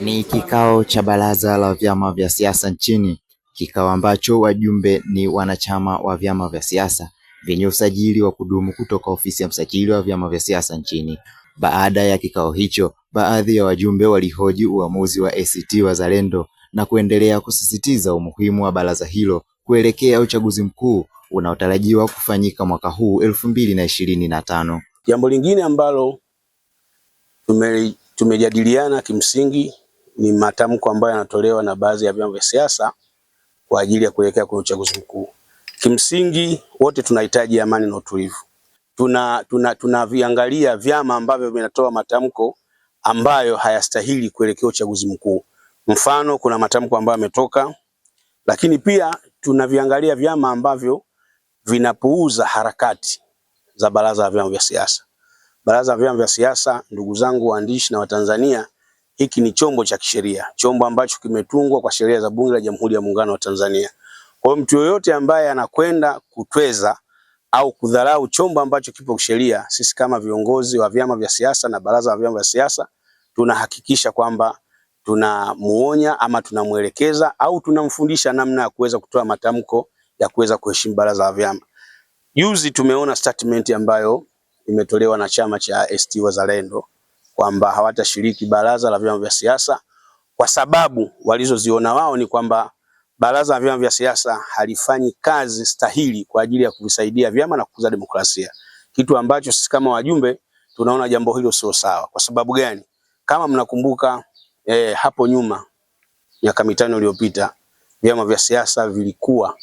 Ni kikao cha baraza la vyama vya siasa nchini, kikao ambacho wajumbe ni wanachama wa vyama vya siasa vyenye usajili wa kudumu kutoka ofisi ya msajili wa vyama vya siasa nchini. Baada ya kikao hicho, baadhi ya wajumbe walihoji uamuzi wa ACT Wazalendo na kuendelea kusisitiza umuhimu wa baraza hilo kuelekea uchaguzi mkuu unaotarajiwa kufanyika mwaka huu elfu mbili na ishirini na tano. Jambo lingine ambalo tumeli tumejadiliana kimsingi ni matamko ambayo yanatolewa na baadhi ya vyama vya siasa kwa ajili ya kuelekea kwenye uchaguzi mkuu. Kimsingi wote tunahitaji amani na utulivu. Tuna tunaviangalia vyama ambavyo vinatoa matamko ambayo hayastahili kuelekea uchaguzi mkuu. Mfano, kuna matamko ambayo yametoka, lakini pia tunaviangalia vyama ambavyo vinapuuza harakati za baraza la vyama vya siasa. Baraza la vyama vya siasa, ndugu zangu waandishi na Watanzania, hiki ni chombo cha kisheria, chombo ambacho kimetungwa kwa sheria za Bunge la Jamhuri ya Muungano wa Tanzania. Kwa hiyo mtu yoyote ambaye anakwenda kutweza au kudharau chombo ambacho kipo kisheria, sisi kama viongozi wa vyama vya siasa na baraza la vyama vya siasa tunahakikisha kwamba tunamuonya ama tunamwelekeza au tunamfundisha namna ya kuweza kutoa matamko ya kuweza kuheshimu baraza la vyama. Juzi tumeona statement ambayo imetolewa na chama cha ACT Wazalendo kwamba hawatashiriki baraza la vyama vya siasa kwa sababu walizoziona wao ni kwamba baraza la vyama vya siasa halifanyi kazi stahili kwa ajili ya kuvisaidia vyama na kukuza demokrasia, kitu ambacho sisi kama wajumbe tunaona jambo hilo sio sawa. Kwa sababu gani? Kama mnakumbuka eh, hapo nyuma miaka mitano iliyopita vyama vya siasa vilikuwa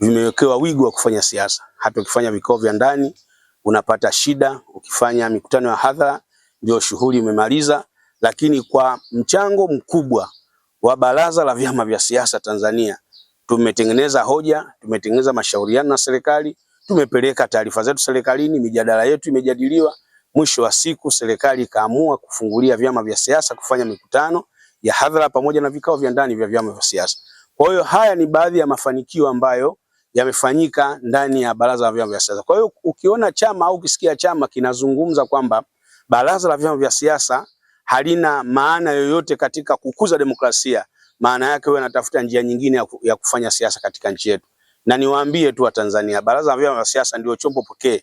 vimewekewa wigo wa kufanya siasa, hata ukifanya vikao vya ndani unapata shida. Ukifanya mikutano ya hadhara ndio shughuli umemaliza, lakini kwa mchango mkubwa wa Baraza la Vyama vya Siasa Tanzania tumetengeneza hoja, tumetengeneza mashauriano na serikali, tumepeleka taarifa zetu serikalini, mijadala yetu imejadiliwa. Mwisho wa siku serikali ikaamua kufungulia vyama vya siasa kufanya mikutano ya hadhara pamoja na vikao vya ndani vya vyama vya siasa. Kwa hiyo haya ni baadhi ya mafanikio ambayo yamefanyika ndani ya Baraza la Vyama vya Siasa. Kwa hiyo ukiona chama au ukisikia chama kinazungumza kwamba Baraza la Vyama vya Siasa halina maana yoyote katika kukuza demokrasia, maana yake wewe unatafuta njia nyingine ya kufanya siasa katika nchi yetu. Na niwaambie tu Watanzania, Baraza la Vyama vya Siasa ndio chombo pekee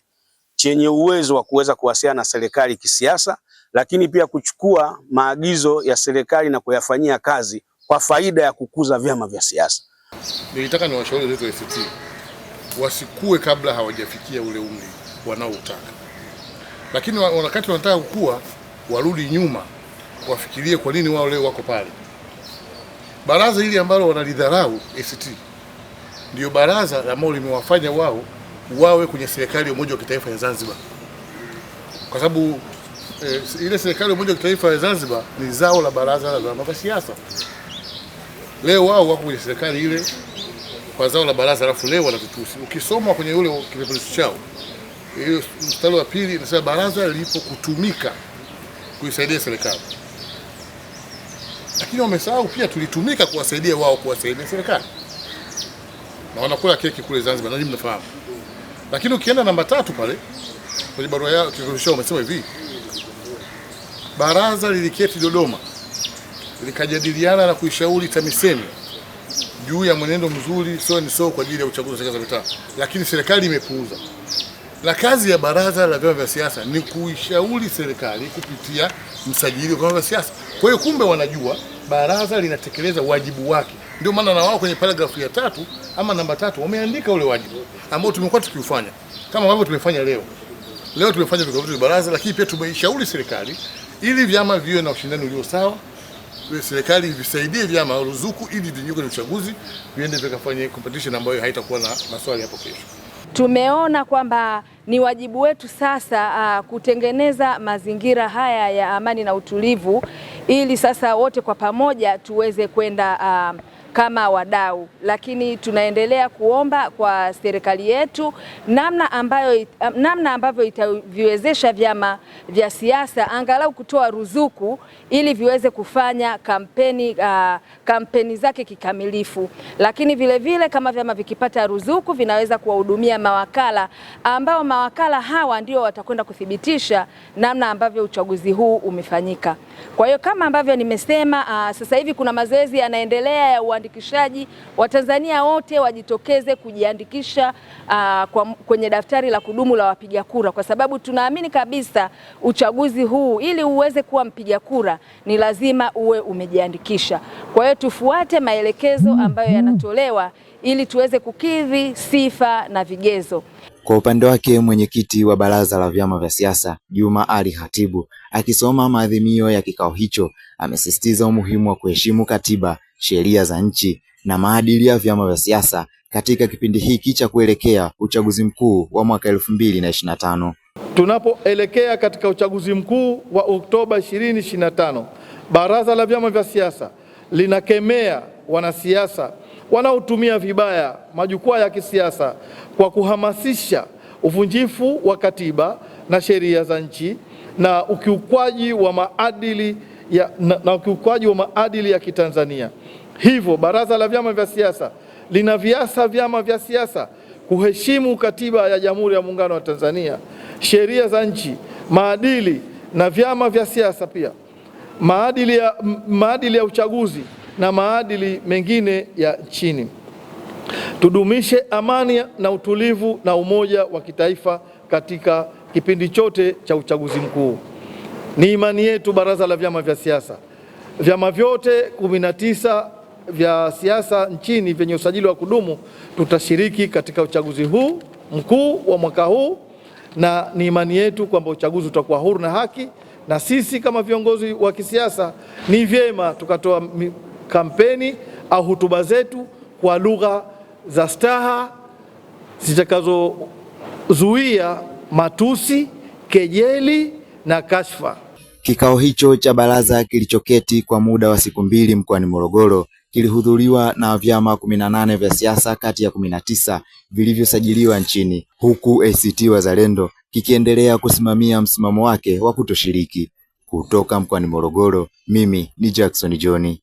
chenye uwezo wa kuweza kuwasiliana na serikali kisiasa, lakini pia kuchukua maagizo ya serikali na kuyafanyia kazi kwa faida ya kukuza vyama vya siasa. Nilitaka niwashauri wa ACT wasikue kabla hawajafikia ule umri wanaoutaka, lakini wakati wanataka kukua warudi nyuma, wafikirie kwa nini wao leo wako pale. Baraza hili ambalo wanalidharau ACT ndio baraza ambalo limewafanya wao wawe kwenye serikali ya umoja wa kitaifa ya Zanzibar, kwa sababu eh, ile serikali ya umoja wa kitaifa ya Zanzibar ni zao la baraza la vyama vya siasa. Leo wao wako kwenye serikali ile kwa zao la baraza, alafu leo wanatutusi. Ukisoma kwenye ule kipeperushi chao hiyo mstari wa pili inasema baraza lipo kutumika kuisaidia serikali, lakini wamesahau pia tulitumika kuwasaidia wao kuwasaidia serikali, na wanakula keki kule Zanzibar, nanyi mnafahamu. Lakini ukienda namba tatu pale kwenye barua yao kipeperushi chao wamesema hivi, baraza liliketi Dodoma likajadiliana na kuishauri TAMISEMI juu ya mwenendo mzuri sio ni sio kwa ajili ya uchaguzi wa serikali za mitaa, lakini serikali imepuuza. Na kazi ya baraza la vyama vya siasa ni kuishauri serikali kupitia msajili wa vyama vya siasa. Kwa hiyo, kumbe wanajua baraza linatekeleza wajibu wake, ndio maana na wao kwenye paragrafu ya tatu ama namba tatu wameandika ule wajibu ambao tumekuwa tukiufanya kama ambavyo tumefanya leo. Leo tumefanya vikao vya baraza, lakini pia tumeishauri serikali ili vyama viwe na ushindani ulio sawa serikali ivisaidie vyama ruzuku ili vinyuke kwenye uchaguzi viende vikafanye competition ambayo haitakuwa na maswali hapo kesho. Tumeona kwamba ni wajibu wetu sasa uh, kutengeneza mazingira haya ya amani na utulivu ili sasa wote kwa pamoja tuweze kwenda uh, kama wadau, lakini tunaendelea kuomba kwa serikali yetu namna ambayo, namna ambavyo itaviwezesha vyama vya siasa angalau kutoa ruzuku ili viweze kufanya kampeni, uh, kampeni zake kikamilifu, lakini vilevile vile, kama vyama vikipata ruzuku vinaweza kuwahudumia mawakala ambao mawakala hawa ndio watakwenda kuthibitisha namna ambavyo uchaguzi huu umefanyika. Kwa hiyo kama ambavyo nimesema, uh, sasa hivi kuna mazoezi yanaendelea ya uandikishaji, Watanzania wote wajitokeze kujiandikisha uh, kwenye daftari la kudumu la wapiga kura, kwa sababu tunaamini kabisa uchaguzi huu, ili uweze kuwa mpiga kura ni lazima uwe umejiandikisha. Kwa hiyo tufuate maelekezo mm-hmm. ambayo yanatolewa ili tuweze kukidhi sifa na vigezo. Kwa upande wake mwenyekiti wa baraza la vyama vya siasa Juma Ali Khatibu akisoma maadhimio ya kikao hicho amesisitiza umuhimu wa kuheshimu katiba sheria za nchi na maadili ya vyama vya siasa katika kipindi hiki cha kuelekea uchaguzi mkuu wa mwaka elfu mbili na ishirini na tano. Tunapoelekea katika uchaguzi mkuu wa Oktoba 2025, Baraza la Vyama vya Siasa linakemea wanasiasa wanaotumia vibaya majukwaa ya kisiasa kwa kuhamasisha uvunjifu wa katiba na sheria za nchi na ukiukwaji wa maadili ya, na, na ukiukwaji wa maadili ya Kitanzania. Hivyo Baraza la Vyama vya Siasa linaviasa vyama vya siasa kuheshimu Katiba ya Jamhuri ya Muungano wa Tanzania, sheria za nchi, maadili na vyama vya siasa pia maadili ya, maadili ya uchaguzi na maadili mengine ya nchini. Tudumishe amani na utulivu na umoja wa kitaifa katika kipindi chote cha uchaguzi mkuu. Ni imani yetu baraza la vyama vya siasa, vyama vyote kumi na tisa vya siasa nchini vyenye usajili wa kudumu tutashiriki katika uchaguzi huu mkuu wa mwaka huu, na ni imani yetu kwamba uchaguzi utakuwa huru na haki, na sisi kama viongozi wa kisiasa ni vyema tukatoa kampeni au hotuba zetu kwa lugha za staha zitakazozuia matusi, kejeli na kashfa. Kikao hicho cha baraza kilichoketi kwa muda wa siku mbili mkoani Morogoro kilihudhuriwa na vyama kumi na nane vya siasa kati ya kumi na tisa vilivyosajiliwa nchini, huku ACT Wazalendo kikiendelea kusimamia msimamo wake wa kutoshiriki. Kutoka mkoani Morogoro, mimi ni Jackson John.